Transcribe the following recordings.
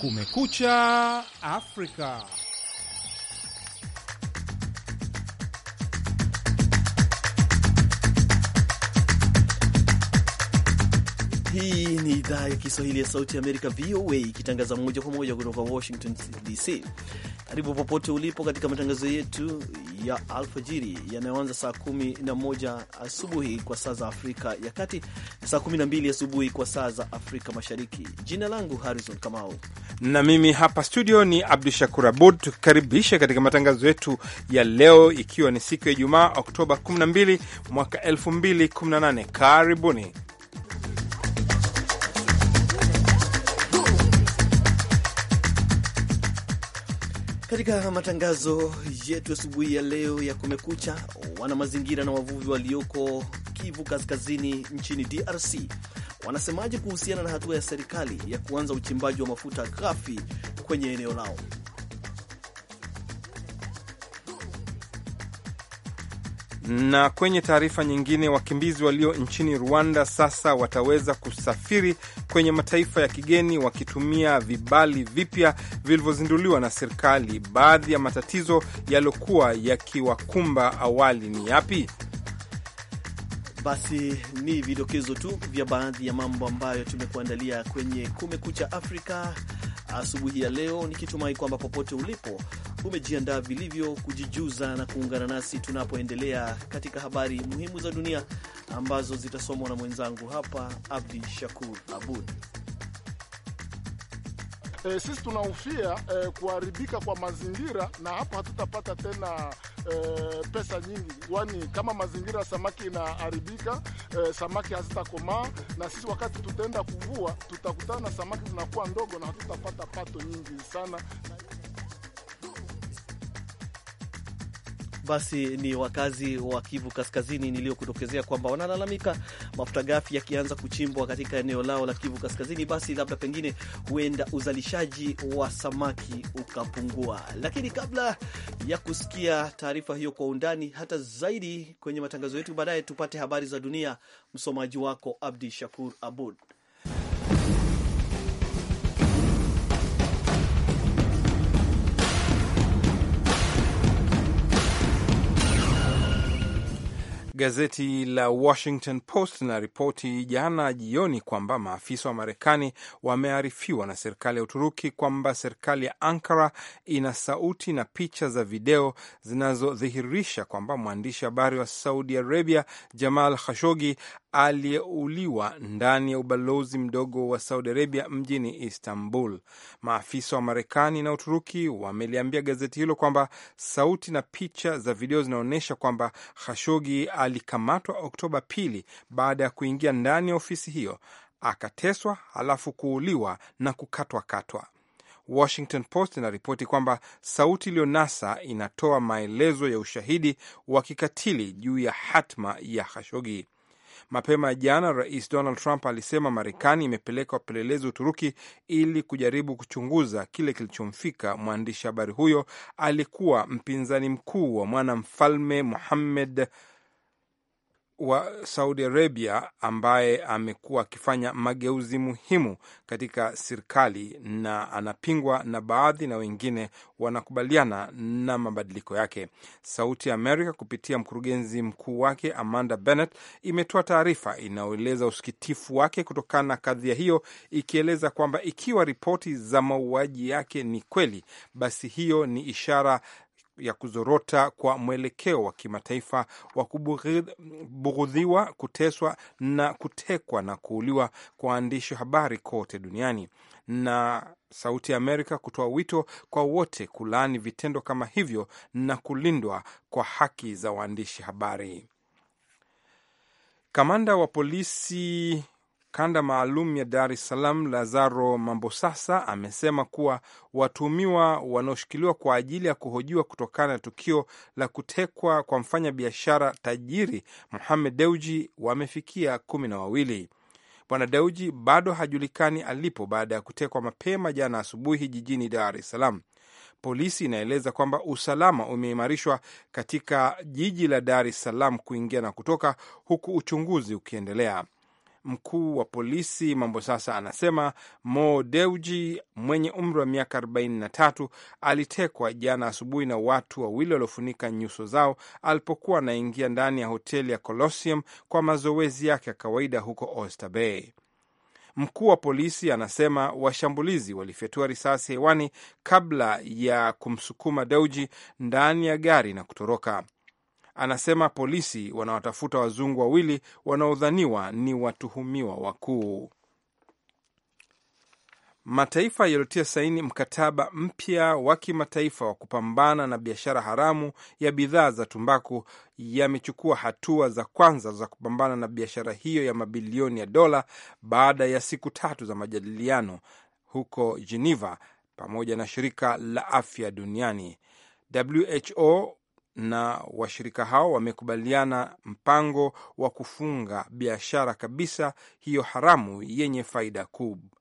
Kumekucha Afrika. Hii ni idhaa ya Kiswahili ya Sauti ya Amerika, VOA, ikitangaza moja kwa moja kutoka Washington DC. Karibu popote ulipo katika matangazo yetu ya alfajiri yanayoanza saa moja asubuhi kwa saa za Afrika ya Kati na saa mbili asubuhi kwa saa za Afrika Mashariki. Jina langu Harrison Kamau na mimi hapa studio ni Abdu Shakur Abud, tukikaribisha katika matangazo yetu ya leo, ikiwa ni siku ya Ijumaa Oktoba 12 mwaka 2018. Karibuni. Katika matangazo yetu asubuhi ya leo ya Kumekucha, wana mazingira na wavuvi walioko Kivu Kaskazini nchini DRC wanasemaje kuhusiana na hatua ya serikali ya kuanza uchimbaji wa mafuta ghafi kwenye eneo lao? Na kwenye taarifa nyingine, wakimbizi walio nchini Rwanda sasa wataweza kusafiri kwenye mataifa ya kigeni wakitumia vibali vipya vilivyozinduliwa na serikali. Baadhi ya matatizo yaliyokuwa yakiwakumba awali ni yapi? Basi ni vidokezo tu vya baadhi ya mambo ambayo tumekuandalia kwenye Kumekucha Afrika asubuhi ya leo, nikitumai kwamba popote ulipo umejiandaa vilivyo kujijuza na kuungana nasi tunapoendelea katika habari muhimu za dunia ambazo zitasomwa na mwenzangu hapa Abdi Shakur Abud. E, sisi tunahofia e, kuharibika kwa mazingira na hapo hatutapata tena e, pesa nyingi, kwani kama mazingira samaki inaharibika, e, samaki hazitakomaa, na sisi wakati tutaenda kuvua tutakutana na samaki zinakuwa ndogo na hatutapata pato nyingi sana. basi ni wakazi wa Kivu Kaskazini niliyokutokezea kwamba wanalalamika mafuta gafi yakianza kuchimbwa katika eneo lao la Kivu Kaskazini, basi labda pengine huenda uzalishaji wa samaki ukapungua. Lakini kabla ya kusikia taarifa hiyo kwa undani hata zaidi kwenye matangazo yetu baadaye, tupate habari za dunia. Msomaji wako Abdi Shakur Abud. Gazeti la Washington Post lina ripoti jana jioni kwamba maafisa wa Marekani wamearifiwa na serikali ya Uturuki kwamba serikali ya Ankara ina sauti na picha za video zinazodhihirisha kwamba mwandishi habari wa Saudi Arabia Jamal Khashoggi aliyeuliwa ndani ya ubalozi mdogo wa Saudi Arabia mjini Istanbul. Maafisa wa Marekani na Uturuki wameliambia gazeti hilo kwamba sauti na picha za video zinaonyesha kwamba Khashogi alikamatwa Oktoba pili baada ya kuingia ndani ya ofisi hiyo, akateswa, halafu kuuliwa na kukatwakatwa. Washington Post inaripoti kwamba sauti iliyonasa inatoa maelezo ya ushahidi wa kikatili juu ya hatma ya Khashogi. Mapema jana, Rais Donald Trump alisema Marekani imepeleka wapelelezi Uturuki ili kujaribu kuchunguza kile kilichomfika mwandishi habari huyo alikuwa mpinzani mkuu wa mwanamfalme Mohammed wa Saudi Arabia ambaye amekuwa akifanya mageuzi muhimu katika serikali na anapingwa na baadhi na wengine wanakubaliana na mabadiliko yake. Sauti ya Amerika kupitia mkurugenzi mkuu wake Amanda Bennett imetoa taarifa inayoeleza usikitifu wake kutokana na kadhia hiyo, ikieleza kwamba ikiwa ripoti za mauaji yake ni kweli, basi hiyo ni ishara ya kuzorota kwa mwelekeo wa kimataifa wa kubughudhiwa, kuteswa na kutekwa na kuuliwa kwa waandishi habari kote duniani na Sauti ya Amerika kutoa wito kwa wote kulaani vitendo kama hivyo na kulindwa kwa haki za waandishi habari. Kamanda wa polisi kanda maalum ya Dar es Salaam Lazaro Mambosasa amesema kuwa watuhumiwa wanaoshikiliwa kwa ajili ya kuhojiwa kutokana na tukio la kutekwa kwa mfanyabiashara tajiri muhamed Deuji wamefikia kumi na wawili. Bwana Deuji bado hajulikani alipo baada ya kutekwa mapema jana asubuhi jijini Dar es Salaam. Polisi inaeleza kwamba usalama umeimarishwa katika jiji la Dar es Salaam kuingia na kutoka, huku uchunguzi ukiendelea. Mkuu wa polisi mambo sasa anasema Mo deuji mwenye umri wa miaka 43 alitekwa jana asubuhi na watu wawili waliofunika nyuso zao alipokuwa anaingia ndani ya hoteli ya Colosseum kwa mazoezi yake ya kawaida huko Oyster Bay. Mkuu wa polisi anasema washambulizi walifyatua risasi hewani kabla ya kumsukuma Deuji ndani ya gari na kutoroka anasema polisi wanawatafuta wazungu wawili wanaodhaniwa ni watuhumiwa wakuu. Mataifa yaliyotia saini mkataba mpya wa kimataifa wa kupambana na biashara haramu ya bidhaa za tumbaku yamechukua hatua za kwanza za kupambana na biashara hiyo ya mabilioni ya dola baada ya siku tatu za majadiliano huko Geneva pamoja na shirika la afya duniani WHO na washirika hao wamekubaliana mpango wa kufunga biashara kabisa hiyo haramu yenye faida kubwa.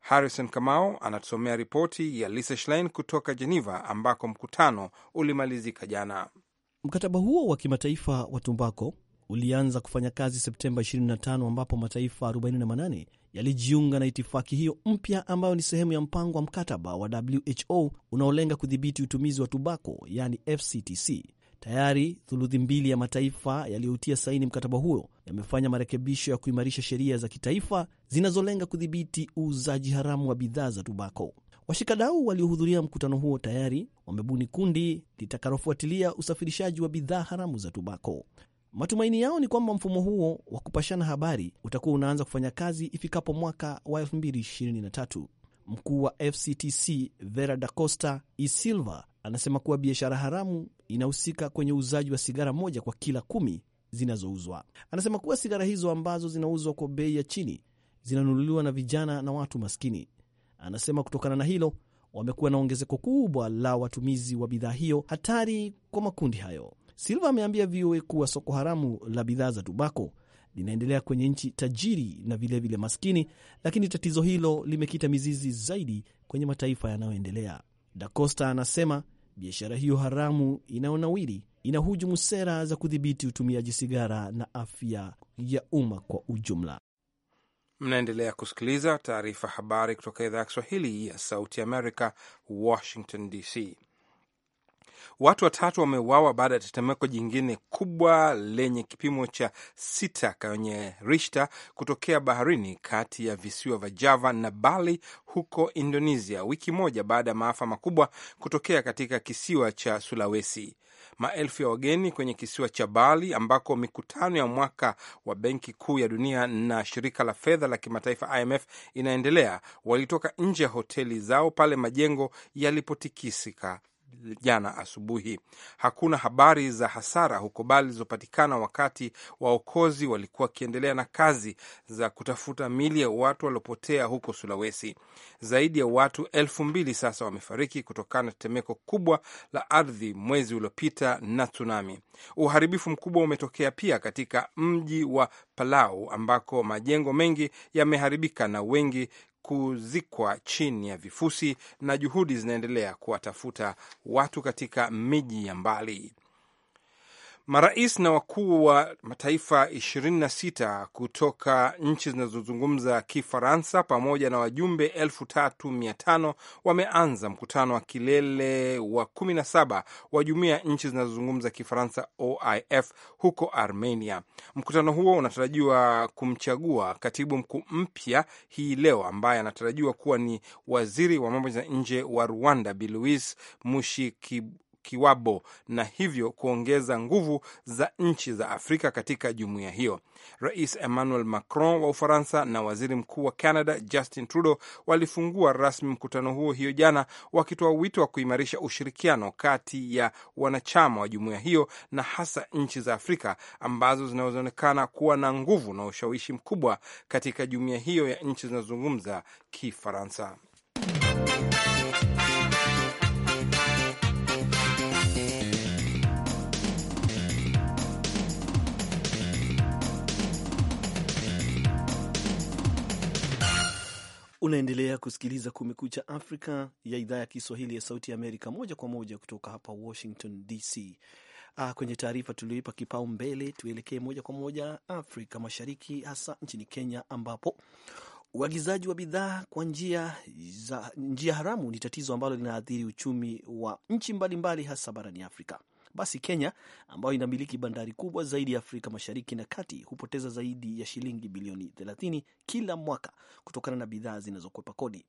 Harrison Kamau anatusomea ripoti ya Lisa Schlein kutoka Geneva ambako mkutano ulimalizika jana. Mkataba huo wa kimataifa wa tumbako ulianza kufanya kazi Septemba 25 ambapo mataifa 48 yalijiunga na itifaki hiyo mpya ambayo ni sehemu ya mpango wa mkataba wa WHO unaolenga kudhibiti utumizi wa tubako, yani FCTC. Tayari thuluthi mbili ya mataifa yaliyoutia saini mkataba huo yamefanya marekebisho ya kuimarisha sheria za kitaifa zinazolenga kudhibiti uuzaji haramu wa bidhaa za tubako. Washikadau waliohudhuria mkutano huo tayari wamebuni kundi litakalofuatilia usafirishaji wa bidhaa haramu za tubako. Matumaini yao ni kwamba mfumo huo wa kupashana habari utakuwa unaanza kufanya kazi ifikapo mwaka wa 2023. Mkuu wa FCTC Vera Da Costa E Silva anasema kuwa biashara haramu inahusika kwenye uuzaji wa sigara moja kwa kila kumi zinazouzwa. Anasema kuwa sigara hizo ambazo zinauzwa kwa bei ya chini zinanunuliwa na vijana na watu maskini. Anasema kutokana na hilo wamekuwa na ongezeko kubwa la watumizi wa bidhaa hiyo hatari kwa makundi hayo. Silva ameambia VOA kuwa soko haramu la bidhaa za tubako linaendelea kwenye nchi tajiri na vilevile vile maskini, lakini tatizo hilo limekita mizizi zaidi kwenye mataifa yanayoendelea. Da Costa anasema biashara hiyo haramu inayonawiri inahujumu sera za kudhibiti utumiaji sigara na afya ya umma kwa ujumla. Mnaendelea kusikiliza taarifa habari kutoka idhaa ya Kiswahili ya Sauti Amerika, Washington DC. Watu watatu wameuawa baada ya tetemeko jingine kubwa lenye kipimo cha sita kwenye Richter kutokea baharini kati ya visiwa vya Java na Bali huko Indonesia, wiki moja baada ya maafa makubwa kutokea katika kisiwa cha Sulawesi. Maelfu ya wageni kwenye kisiwa cha Bali ambako mikutano ya mwaka wa Benki Kuu ya Dunia na shirika la fedha la kimataifa IMF inaendelea walitoka nje ya hoteli zao pale majengo yalipotikisika jana asubuhi. Hakuna habari za hasara huko Bali zilizopatikana wakati waokozi walikuwa wakiendelea na kazi za kutafuta mili ya watu waliopotea huko Sulawesi. Zaidi ya watu elfu mbili sasa wamefariki kutokana na tetemeko kubwa la ardhi mwezi uliopita na tsunami. Uharibifu mkubwa umetokea pia katika mji wa Palau ambako majengo mengi yameharibika na wengi kuzikwa chini ya vifusi na juhudi zinaendelea kuwatafuta watu katika miji ya mbali. Marais na wakuu wa mataifa 26 kutoka nchi zinazozungumza Kifaransa pamoja na wajumbe 3500 wameanza mkutano wa kilele wa 17 wa jumuiya ya nchi zinazozungumza Kifaransa, OIF, huko Armenia. Mkutano huo unatarajiwa kumchagua katibu mkuu mpya hii leo, ambaye anatarajiwa kuwa ni waziri wa mambo ya nje wa Rwanda, Bi Louise Mushikiwabo. Kiwabo na hivyo kuongeza nguvu za nchi za Afrika katika jumuiya hiyo. Rais Emmanuel Macron wa Ufaransa na waziri mkuu wa Canada Justin Trudeau walifungua rasmi mkutano huo hiyo jana, wakitoa wito wa kuimarisha ushirikiano kati ya wanachama wa jumuiya hiyo na hasa nchi za Afrika ambazo zinazoonekana kuwa na nguvu na ushawishi mkubwa katika jumuiya hiyo ya nchi zinazozungumza Kifaransa. Unaendelea kusikiliza Kumekucha Afrika ya idhaa ya Kiswahili ya Sauti ya Amerika, moja kwa moja kutoka hapa Washington DC. Ah, kwenye taarifa tulioipa kipaumbele, tuelekee moja kwa moja Afrika Mashariki, hasa nchini Kenya ambapo uagizaji wa bidhaa kwa njia za njia haramu ni tatizo ambalo linaathiri uchumi wa nchi mbalimbali mbali hasa barani Afrika basi Kenya ambayo inamiliki bandari kubwa zaidi ya Afrika Mashariki na Kati hupoteza zaidi ya shilingi bilioni 30 kila mwaka kutokana na bidhaa zinazokwepa kodi.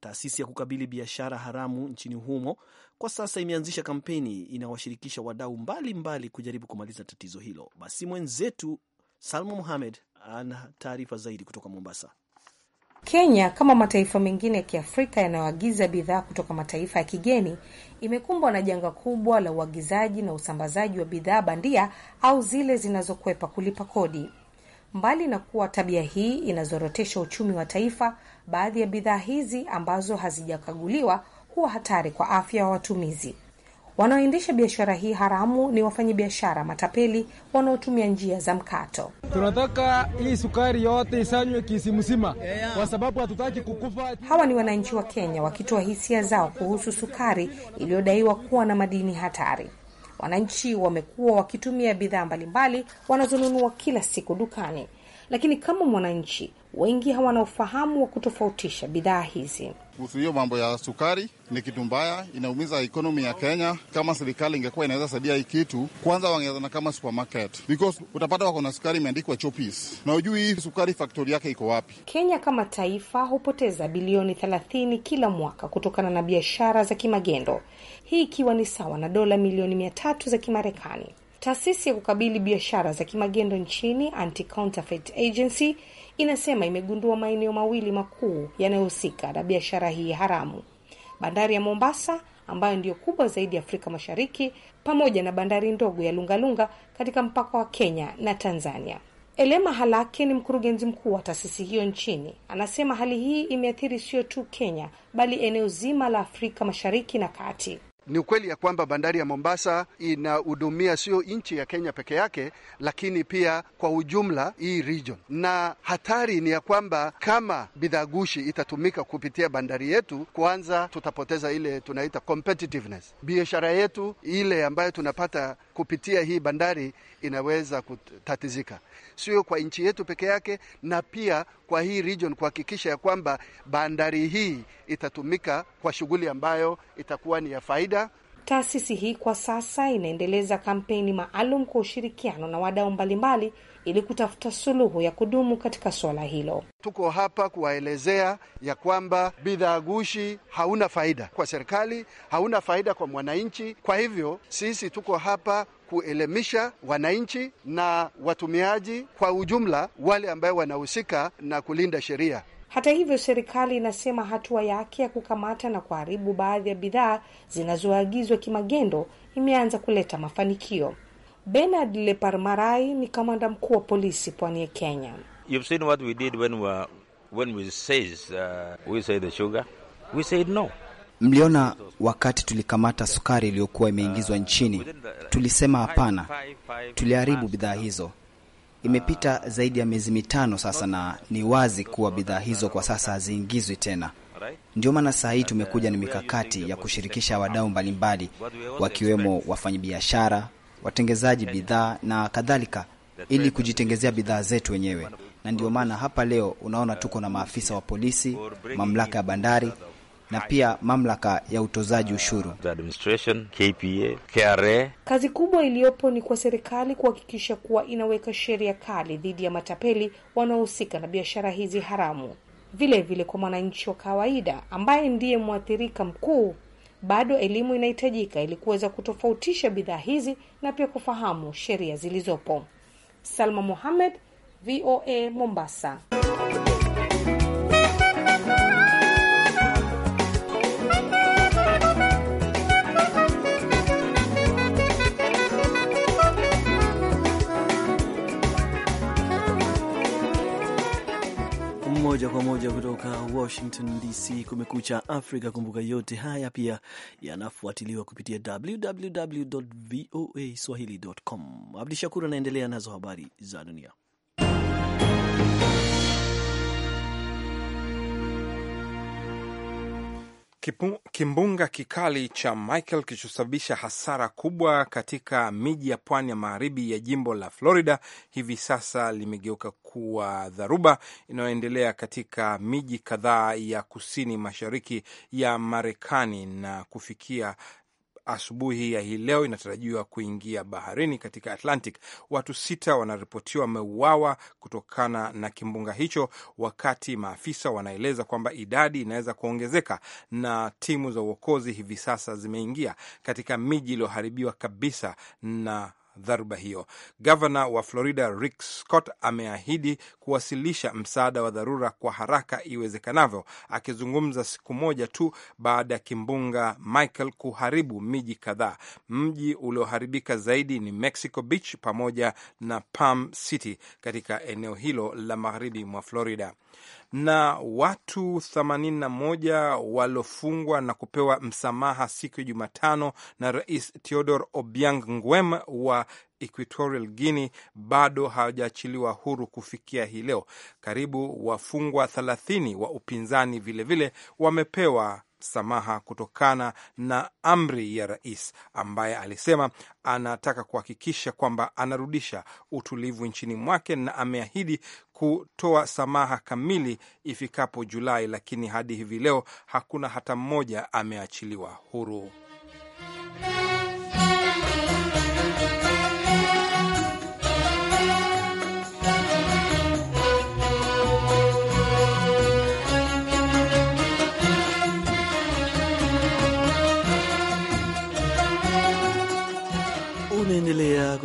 Taasisi ya kukabili biashara haramu nchini humo kwa sasa imeanzisha kampeni inawashirikisha wadau mbalimbali kujaribu kumaliza tatizo hilo. Basi mwenzetu Salma Muhamed ana taarifa zaidi kutoka Mombasa. Kenya kama mataifa mengine ya Kiafrika yanayoagiza bidhaa kutoka mataifa ya kigeni imekumbwa na janga kubwa la uagizaji na usambazaji wa bidhaa bandia au zile zinazokwepa kulipa kodi. Mbali na kuwa tabia hii inazorotesha uchumi wa taifa, baadhi ya bidhaa hizi ambazo hazijakaguliwa huwa hatari kwa afya ya watumizi. Wanaoendesha biashara hii haramu ni wafanyabiashara matapeli wanaotumia njia za mkato. Tunataka hii sukari yote isanywe kisimsima, kwa sababu hatutaki kukufa. Hawa ni wananchi wa Kenya wakitoa hisia zao kuhusu sukari iliyodaiwa kuwa na madini hatari. Wananchi wamekuwa wakitumia bidhaa mbalimbali wanazonunua kila siku dukani lakini kama mwananchi wengi hawana ufahamu wa kutofautisha bidhaa hizi. Kuhusu hiyo mambo ya sukari, ni kitu mbaya, inaumiza ekonomi ya Kenya. Kama serikali ingekuwa inaweza saidia hii kitu, kwanza wangezana kama supermarket, because utapata wako na sukari imeandikwa chopis na ujui hii sukari faktori yake iko wapi. Kenya kama taifa hupoteza bilioni 30 kila mwaka kutokana na biashara za kimagendo, hii ikiwa ni sawa na dola milioni mia tatu za Kimarekani. Taasisi ya kukabili biashara za kimagendo nchini Anti-Counterfeit Agency inasema imegundua maeneo mawili makuu yanayohusika na biashara hii haramu: bandari ya Mombasa ambayo ndiyo kubwa zaidi Afrika Mashariki, pamoja na bandari ndogo ya Lungalunga katika mpaka wa Kenya na Tanzania. Elema halake ni mkurugenzi mkuu wa taasisi hiyo nchini. Anasema hali hii imeathiri sio tu Kenya bali eneo zima la Afrika Mashariki na Kati. Ni ukweli ya kwamba bandari ya Mombasa inahudumia sio nchi ya Kenya peke yake, lakini pia kwa ujumla hii region, na hatari ni ya kwamba kama bidhaa gushi itatumika kupitia bandari yetu, kwanza tutapoteza ile tunaita competitiveness, biashara yetu ile ambayo tunapata kupitia hii bandari inaweza kutatizika, sio kwa nchi yetu peke yake, na pia kwa hii region kuhakikisha ya kwamba bandari hii itatumika kwa shughuli ambayo itakuwa ni ya faida. Taasisi hii kwa sasa inaendeleza kampeni maalum kwa ushirikiano na wadau mbalimbali ili kutafuta suluhu ya kudumu katika suala hilo. Tuko hapa kuwaelezea ya kwamba bidhaa gushi hauna faida kwa serikali, hauna faida kwa mwananchi. Kwa hivyo sisi tuko hapa kuelimisha wananchi na watumiaji kwa ujumla, wale ambayo wanahusika na kulinda sheria. Hata hivyo, serikali inasema hatua yake ya kukamata na kuharibu baadhi ya bidhaa zinazoagizwa kimagendo imeanza kuleta mafanikio. Bernard Leparmarai ni kamanda mkuu wa polisi pwani ya Kenya. You've seen what we did when we, when we says, uh, we say the sugar. We said no. Mliona wakati tulikamata sukari iliyokuwa imeingizwa uh, nchini, uh, tulisema hapana. Tuliharibu bidhaa hizo. Imepita zaidi ya miezi mitano sasa, na ni wazi kuwa bidhaa hizo kwa sasa haziingizwi tena. Ndio maana saa hii uh, tumekuja na mikakati ya kushirikisha wadau mbalimbali, wakiwemo wafanyabiashara, watengezaji bidhaa na kadhalika, ili kujitengezea bidhaa zetu wenyewe. Na ndio maana hapa leo unaona tuko na maafisa wa polisi, mamlaka ya bandari na pia mamlaka ya utozaji ushuru. Kazi kubwa iliyopo ni kwa serikali kuhakikisha kuwa inaweka sheria kali dhidi ya matapeli wanaohusika na biashara hizi haramu, vilevile kwa mwananchi wa kawaida ambaye ndiye mwathirika mkuu bado elimu inahitajika ili kuweza kutofautisha bidhaa hizi na pia kufahamu sheria zilizopo. Salma Mohamed, VOA Mombasa. moja kwa moja kutoka Washington DC, kumekucha Afrika. Kumbuka yote haya pia yanafuatiliwa kupitia www voa swahili.com. Abdi Shakur anaendelea nazo habari za dunia. kimbunga kikali cha Michael kilichosababisha hasara kubwa katika miji ya pwani ya magharibi ya jimbo la Florida hivi sasa limegeuka kuwa dharuba inayoendelea katika miji kadhaa ya kusini mashariki ya Marekani na kufikia asubuhi ya hii leo inatarajiwa kuingia baharini katika Atlantic. Watu sita wanaripotiwa wameuawa kutokana na kimbunga hicho, wakati maafisa wanaeleza kwamba idadi inaweza kuongezeka, na timu za uokozi hivi sasa zimeingia katika miji iliyoharibiwa kabisa na dharuba hiyo. Gavana wa Florida Rick Scott ameahidi kuwasilisha msaada wa dharura kwa haraka iwezekanavyo, akizungumza siku moja tu baada ya kimbunga Michael kuharibu miji kadhaa. Mji ulioharibika zaidi ni Mexico Beach pamoja na Palm City katika eneo hilo la magharibi mwa Florida na watu 81 waliofungwa na kupewa msamaha siku ya Jumatano na Rais Theodore Obiang Nguema wa Equatorial Guinea bado hawajaachiliwa huru kufikia hii leo. Karibu wafungwa 30 wa upinzani vilevile vile wamepewa msamaha kutokana na amri ya rais ambaye alisema anataka kuhakikisha kwamba anarudisha utulivu nchini mwake na ameahidi kutoa samaha kamili ifikapo Julai, lakini hadi hivi leo hakuna hata mmoja ameachiliwa huru.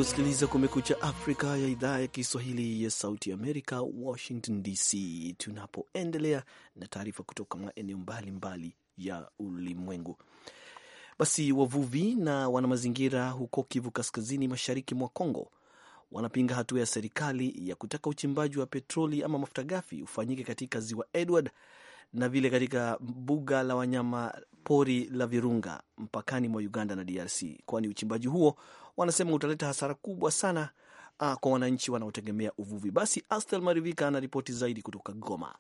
kusikiliza Kumekucha Afrika ya idhaa ya Kiswahili ya Sauti Amerika, Washington DC, tunapoendelea na taarifa kutoka maeneo mbalimbali ya ulimwengu. Basi wavuvi na wanamazingira huko Kivu Kaskazini, mashariki mwa congo wanapinga hatua ya serikali ya kutaka uchimbaji wa petroli ama mafuta ghafi ufanyike katika ziwa Edward na vile katika mbuga la wanyama pori la Virunga mpakani mwa Uganda na DRC, kwani uchimbaji huo wanasema utaleta hasara kubwa sana uh, kwa wananchi wanaotegemea uvuvi. Basi Astel Marivika anaripoti zaidi kutoka Goma.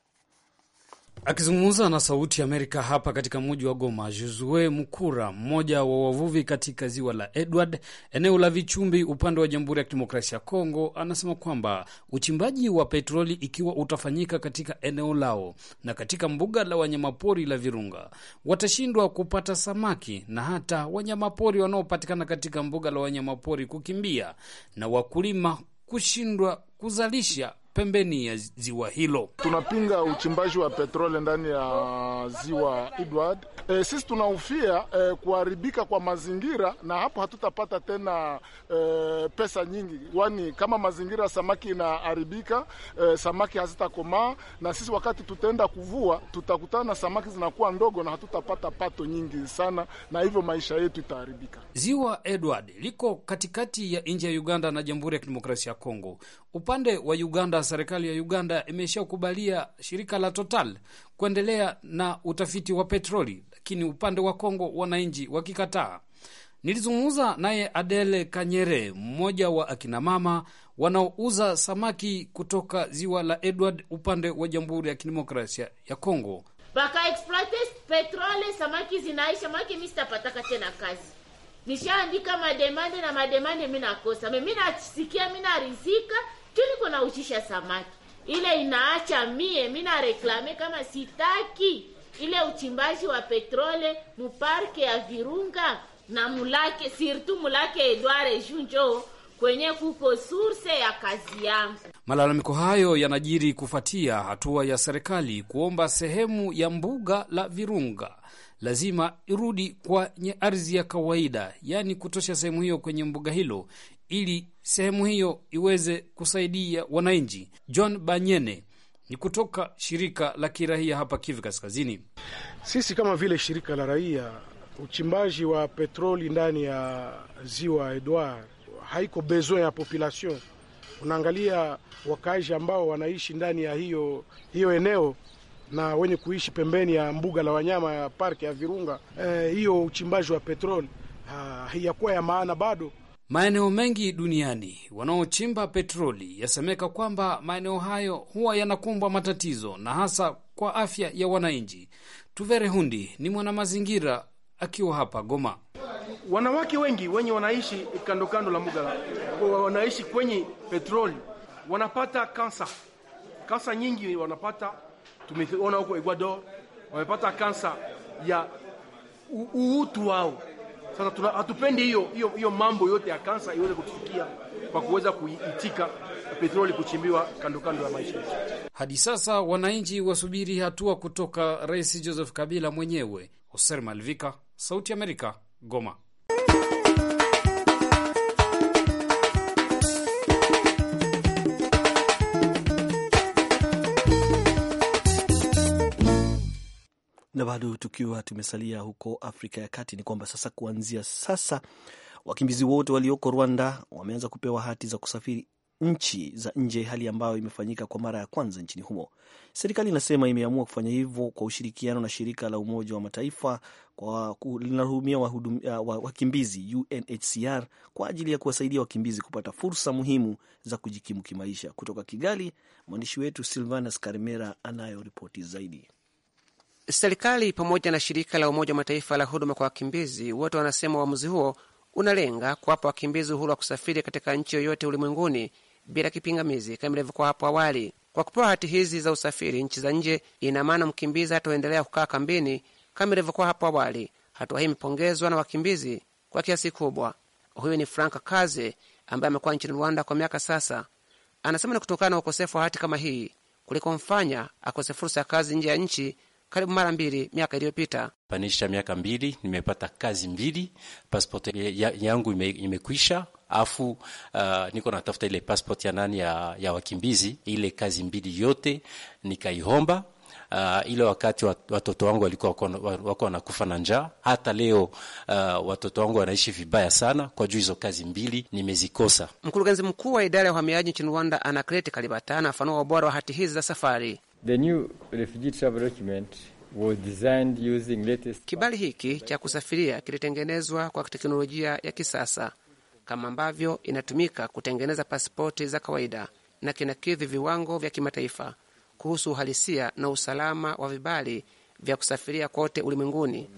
Akizungumza na Sauti ya Amerika hapa katika mji wa Goma, Josue Mukura, mmoja wa wavuvi katika ziwa la Edward, eneo la Vichumbi, upande wa Jamhuri ya Kidemokrasia ya Kongo, anasema kwamba uchimbaji wa petroli ikiwa utafanyika katika eneo lao na katika mbuga la wanyamapori la Virunga, watashindwa kupata samaki na hata wanyamapori wanaopatikana katika mbuga la wanyamapori kukimbia na wakulima kushindwa kuzalisha pembeni ya ziwa hilo. Tunapinga uchimbaji wa petroli ndani ya ziwa Edward. E, sisi tunahofia e, kuharibika kwa mazingira na hapo hatutapata tena e, pesa nyingi, kwani kama mazingira samaki inaharibika, e, samaki hazitakomaa, na sisi wakati tutaenda kuvua tutakutana na samaki zinakuwa ndogo na hatutapata pato nyingi sana, na hivyo maisha yetu itaharibika. Ziwa Edward liko katikati ya nchi ya Uganda na Jamhuri ya Kidemokrasia ya Kongo. Upande wa Uganda, serikali ya Uganda imeshakubalia shirika la Total kuendelea na utafiti wa petroli, lakini upande wa Kongo wananchi wakikataa. Nilizungumza naye Adele Kanyere, mmoja wa akinamama wanaouza samaki kutoka ziwa la Edward upande wa Jamhuri ya Kidemokrasia ya Kongo. Baka petrole, samaki zinaisha mi sitapataka tena kazi Nishaandika mademande na mademande, mi nakosa, mi nasikia mi narizika tuniko nauzisha samaki ile inaacha mie mina reklame kama sitaki ile uchimbaji wa petrole muparke ya Virunga na mulake sirtu mulake Edward Junjo kwenye kuko surse ya kazi yangu. Malalamiko hayo yanajiri kufuatia hatua ya serikali kuomba sehemu ya mbuga la Virunga lazima irudi kwenye ardhi ya kawaida, yaani kutosha sehemu hiyo kwenye mbuga hilo ili sehemu hiyo iweze kusaidia wananchi. John Banyene ni kutoka shirika la kiraia hapa Kivu Kaskazini. Sisi kama vile shirika la raia, uchimbaji wa petroli ndani ya ziwa Edward haiko besoin ya population. Unaangalia wakaaji ambao wanaishi ndani ya hiyo hiyo eneo na wenye kuishi pembeni ya mbuga la wanyama ya parki ya Virunga, eh, hiyo uchimbaji wa petroli ah, haiyakuwa ya maana bado Maeneo mengi duniani wanaochimba petroli yasemeka kwamba maeneo hayo huwa yanakumbwa matatizo na hasa kwa afya ya wananchi. Tuvere Hundi ni mwanamazingira akiwa hapa Goma. Wanawake wengi wenye wanaishi kando kando la Mugala, wanaishi kwenye petroli, wanapata kansa, kansa nyingi wanapata. Tumeona huko Ecuador wamepata kansa ya uutu wao sasa hatupendi hiyo hiyo mambo yote ya kansa iweze kutufikia kwa kuweza kuitika petroli kuchimbiwa kando kando ya maisha yetu. Hadi sasa wananchi wasubiri hatua kutoka Rais Joseph Kabila mwenyewe. Hoser Malvika, Sauti ya Amerika, Goma. Na bado tukiwa tumesalia huko Afrika ya Kati, ni kwamba sasa, kuanzia sasa, wakimbizi wote walioko Rwanda wameanza kupewa hati za kusafiri nchi za nje, hali ambayo imefanyika kwa mara ya kwanza nchini humo. Serikali inasema imeamua kufanya hivyo kwa ushirikiano na shirika la Umoja wa Mataifa linalohudumia ah, wakimbizi UNHCR kwa ajili ya kuwasaidia wakimbizi kupata fursa muhimu za kujikimu kimaisha. Kutoka Kigali, mwandishi wetu Silvanus Karimera anayo ripoti zaidi. Serikali pamoja na shirika la Umoja wa Mataifa la huduma kwa wakimbizi wote wanasema uamuzi huo unalenga kuwapa wakimbizi uhuru wa kusafiri katika nchi yoyote ulimwenguni bila kipingamizi kama ilivyokuwa hapo awali. Kwa kupewa hati hizi za usafiri nchi za nje, ina maana mkimbizi hataendelea kukaa kambini kama ilivyokuwa hapo awali. Hatua hii imepongezwa na wakimbizi kwa kiasi kubwa. Huyu ni Frank Kaze ambaye amekuwa nchini Rwanda kwa miaka sasa. Anasema ni kutokana na ukosefu wa hati kama hii kulikomfanya akose fursa ya kazi nje ya nchi karibu mara mbili miaka iliyopita. Panisha miaka mbili nimepata kazi mbili, pasipoti yangu imekwisha afu uh, niko natafuta ile passport ya nani ya, ya wakimbizi. Ile kazi mbili yote nikaihomba. Uh, ile wakati watoto wangu walikuwa wako wanakufa na njaa. Hata leo uh, watoto wangu wanaishi vibaya sana kwa juu hizo kazi mbili nimezikosa. Mkurugenzi mkuu wa idara ya uhamiaji nchini Rwanda, Anakreti Kalibatana, afanua ubora wa hati hizi za safari. The new refugee travel document was designed using latest... Kibali hiki cha kusafiria kilitengenezwa kwa teknolojia ya kisasa kama ambavyo inatumika kutengeneza pasipoti za kawaida na kinakidhi viwango vya kimataifa kuhusu uhalisia na usalama wa vibali vya kusafiria kote ulimwenguni.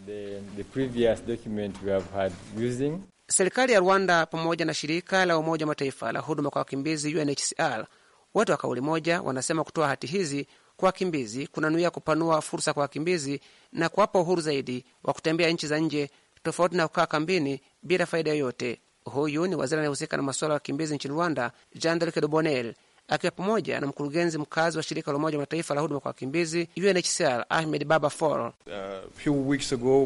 Serikali ya Rwanda pamoja na shirika la Umoja wa Mataifa la huduma kwa wakimbizi UNHCR wote wa kauli moja wanasema kutoa hati hizi kwa wakimbizi kunanuia kupanua fursa kwa wakimbizi na kuwapa uhuru zaidi wa kutembea nchi za nje tofauti na kukaa kambini bila faida yoyote. Huyu ni waziri anayehusika na masuala ya wakimbizi nchini Rwanda, Jean Luc Dubonel, akiwa pamoja na mkurugenzi mkazi wa shirika la Umoja wa Mataifa la huduma kwa wakimbizi UNHCR Ahmed Baba Fall. Uh,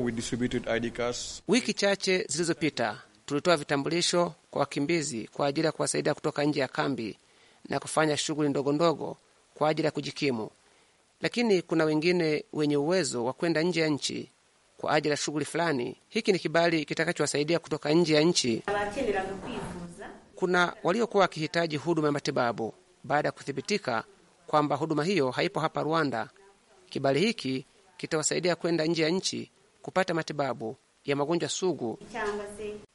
Wiki chache zilizopita tulitoa vitambulisho kwa wakimbizi kwa ajili ya kuwasaidia kutoka nje ya kambi na kufanya shughuli ndogo ndogo kwa ajili ya kujikimu lakini kuna wengine wenye uwezo wa kwenda nje ya nchi kwa ajili ya shughuli fulani. Hiki ni kibali kitakachowasaidia kutoka nje ya nchi. Kuna waliokuwa wakihitaji huduma ya matibabu baada ya kuthibitika kwamba huduma hiyo haipo hapa Rwanda. Kibali hiki kitawasaidia kwenda nje ya nchi kupata matibabu ya magonjwa sugu.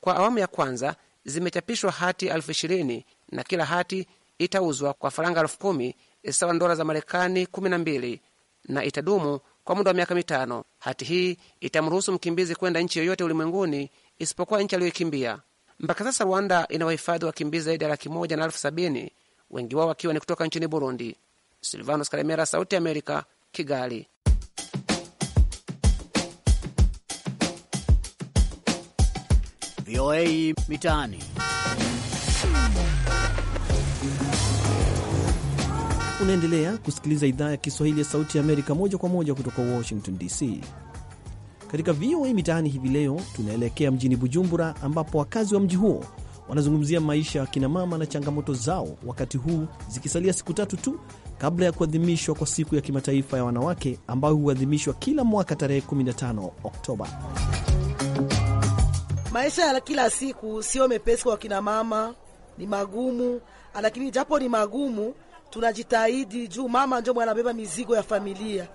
Kwa awamu ya kwanza zimechapishwa hati elfu ishirini na kila hati itauzwa kwa faranga elfu kumi sawa na dola za Marekani kumi na mbili na itadumu kwa muda wa miaka mitano. Hati hii itamruhusu mkimbizi kwenda nchi yoyote ulimwenguni isipokuwa nchi aliyoikimbia. Mpaka sasa Rwanda ina wahifadhi wakimbizi zaidi ya laki moja na elfu sabini wengi wao wakiwa ni kutoka nchini Burundi. Silvanos Karemera, Sauti ya Amerika, Kigali. VOA Mitaani. Unaendelea kusikiliza idhaa ya Kiswahili ya Sauti ya Amerika moja kwa moja kutoka Washington DC. Katika VOA Mitaani hivi leo, tunaelekea mjini Bujumbura, ambapo wakazi wa mji huo wanazungumzia maisha ya kinamama na changamoto zao, wakati huu zikisalia siku tatu tu kabla ya kuadhimishwa kwa siku ya kimataifa ya wanawake ambayo huadhimishwa kila mwaka tarehe 15 Oktoba. Maisha ya kila siku sio mepesi kwa wakinamama, ni magumu, lakini japo ni magumu tunajitahidi juu mama mwana beba mizigo ya familia.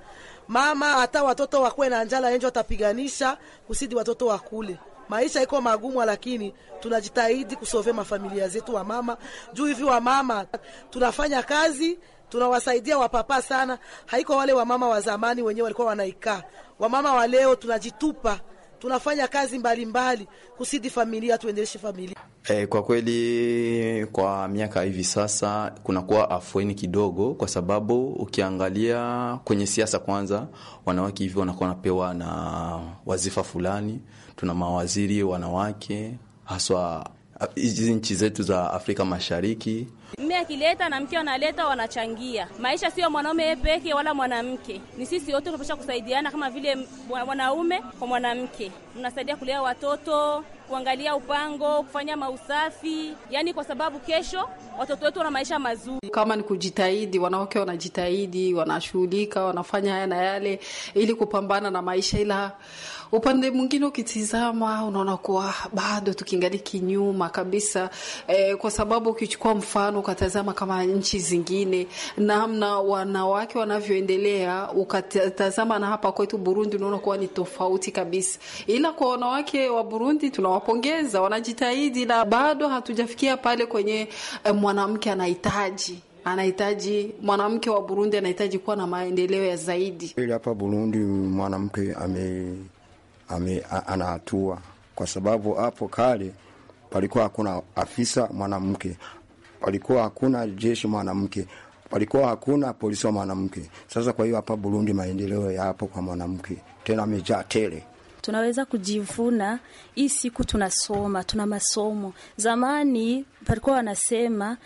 Mama hata watoto wakuwe na njala yenje watapiganisha kusidi watoto wakule. Maisha iko magumu, lakini tunajitahidi kusove mafamilia zetu wa mama juu hivi wa mama tunafanya kazi tunawasaidia wapapa sana, haiko wale wamama wa zamani wenyewe walikuwa wanaikaa. Wamama wa leo tunajitupa tunafanya kazi mbalimbali mbali, kusidi familia tuendeleshe familia. E, kwa kweli kwa miaka hivi sasa kunakuwa afueni kidogo, kwa sababu ukiangalia kwenye siasa kwanza, wanawake hivi wanakuwa wanapewa na wazifa fulani. Tuna mawaziri wanawake haswa hizi nchi zetu za Afrika Mashariki. Mimi akileta na mke wanaleta, wanachangia maisha, sio mwanaume yeye pekee wala mwanamke, ni sisi wote tunapaswa kusaidiana, kama vile mwanaume kwa mwanamke, mnasaidia kulea watoto kuangalia upango, kufanya mausafi, yani kwa sababu kesho watoto wetu wana maisha mazuri. Kama ni kujitahidi, wanawake wanajitahidi, wanashughulika, wanafanya haya na yale ili kupambana na maisha, ila upande mwingine ukitizama, unaona kuwa bado tukiangalia kinyuma kabisa e, kwa sababu ukichukua mfano ukatazama kama nchi zingine, namna wanawake wanavyoendelea, ukatazama na hapa kwetu Burundi, unaona kuwa ni tofauti kabisa, ila kwa wanawake wa Burundi tuna tunawapongeza, wanajitahidi, na bado hatujafikia pale kwenye eh, mwanamke anahitaji anahitaji mwanamke wa Burundi anahitaji kuwa na maendeleo ya zaidi. Ili hapa Burundi mwanamke ame, ame anahatua, kwa sababu hapo kale palikuwa hakuna afisa mwanamke, palikuwa hakuna jeshi mwanamke, palikuwa hakuna polisi wa mwanamke. Sasa kwa hiyo hapa Burundi maendeleo yapo kwa mwanamke, tena amejaa tele tunaweza kujivuna hii siku tunasoma, tuna masomo. Zamani palikuwa wanasema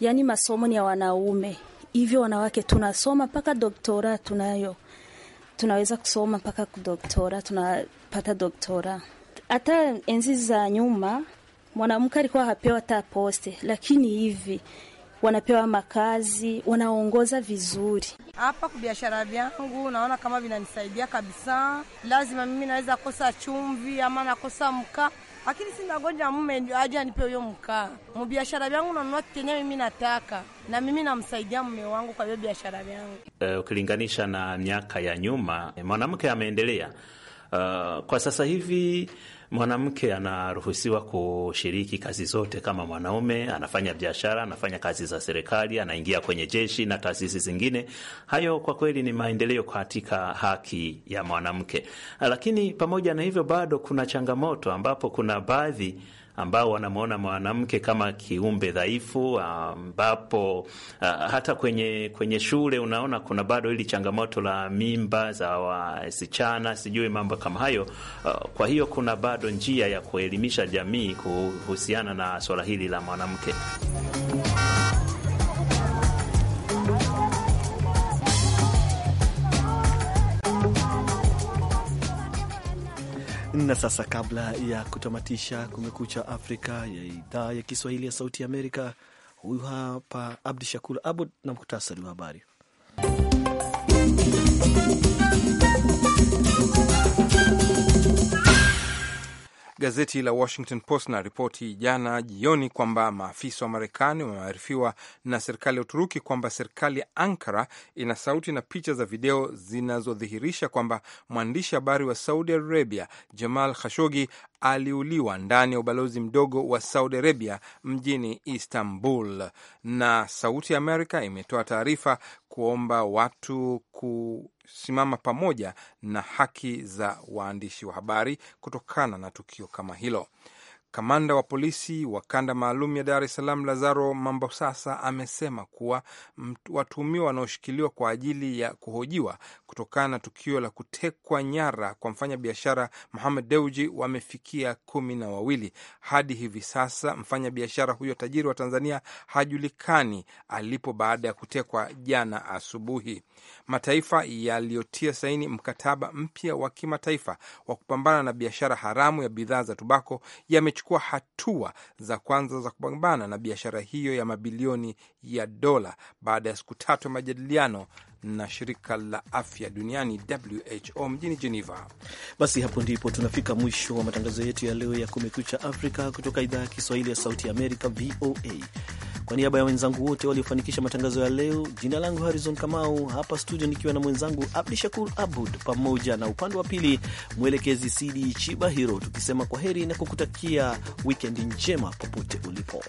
yani masomo ni ya wanaume, hivyo wanawake tunasoma mpaka doktora, tunayo tunaweza kusoma mpaka kudoktora, tunapata doktora. Hata enzi za nyuma mwanamke alikuwa hapewa hata poste, lakini hivi wanapewa makazi, wanaongoza vizuri. Hapa kwa biashara vyangu naona kama vinanisaidia kabisa. Lazima mimi naweza kosa chumvi ama nakosa mkaa, lakini sinagonja mume ndio aje anipe huyo mkaa. Mbiashara vyangu nanunua kitenya mimi nataka, na mimi namsaidia mume wangu kwa hiyo biashara vyangu. Uh, ukilinganisha na miaka ya nyuma eh, mwanamke ameendelea. Uh, kwa sasa hivi mwanamke anaruhusiwa kushiriki kazi zote kama mwanaume. Anafanya biashara, anafanya kazi za serikali, anaingia kwenye jeshi na taasisi zingine. Hayo kwa kweli ni maendeleo katika haki ya mwanamke, lakini pamoja na hivyo bado kuna changamoto ambapo kuna baadhi ambao wanamwona mwanamke kama kiumbe dhaifu, ambapo hata kwenye, kwenye shule unaona kuna bado ili changamoto la mimba za wasichana, sijui mambo kama hayo. Kwa hiyo kuna bado njia ya kuelimisha jamii kuhusiana na swala hili la mwanamke. Na sasa kabla ya kutamatisha Kumekucha Afrika ya idhaa ya Kiswahili ya Sauti Amerika, huyu hapa Abdi Shakur Abud na muktasari wa habari Gazeti la Washington Post na ripoti jana jioni kwamba maafisa wa Marekani wamearifiwa na serikali ya Uturuki kwamba serikali ya Ankara ina sauti na picha za video zinazodhihirisha kwamba mwandishi habari wa Saudi Arabia Jamal Khashoggi aliuliwa ndani ya ubalozi mdogo wa Saudi Arabia mjini Istanbul. Na Sauti Amerika imetoa taarifa kuomba watu ku kusimama pamoja na haki za waandishi wa habari kutokana na tukio kama hilo. Kamanda wa polisi wa kanda maalum ya Dar es Salaam Lazaro Mambosasa amesema kuwa watuhumiwa wanaoshikiliwa kwa ajili ya kuhojiwa kutokana na tukio la kutekwa nyara kwa mfanyabiashara Muhamed Deuji wamefikia kumi na wawili. Hadi hivi sasa mfanyabiashara huyo tajiri wa Tanzania hajulikani alipo baada ya kutekwa jana asubuhi. Mataifa yaliyotia saini mkataba mpya wa kimataifa wa kupambana na biashara haramu ya bidhaa za tubako yamechukua hatua za kwanza za kupambana na biashara hiyo ya mabilioni ya dola baada ya siku tatu ya majadiliano na shirika la afya duniani WHO mjini Geneva. Basi hapo ndipo tunafika mwisho wa matangazo yetu ya leo ya Kumekucha Afrika kutoka idhaa ya Kiswahili ya Sauti ya Amerika, VOA. Kwa niaba ya wenzangu wote waliofanikisha matangazo ya leo, jina langu Harrison Kamau, hapa studio nikiwa na mwenzangu Abdi Shakur Abud, pamoja na upande wa pili mwelekezi Sidi Chibahiro, tukisema kwa heri na kukutakia wikendi njema popote ulipo.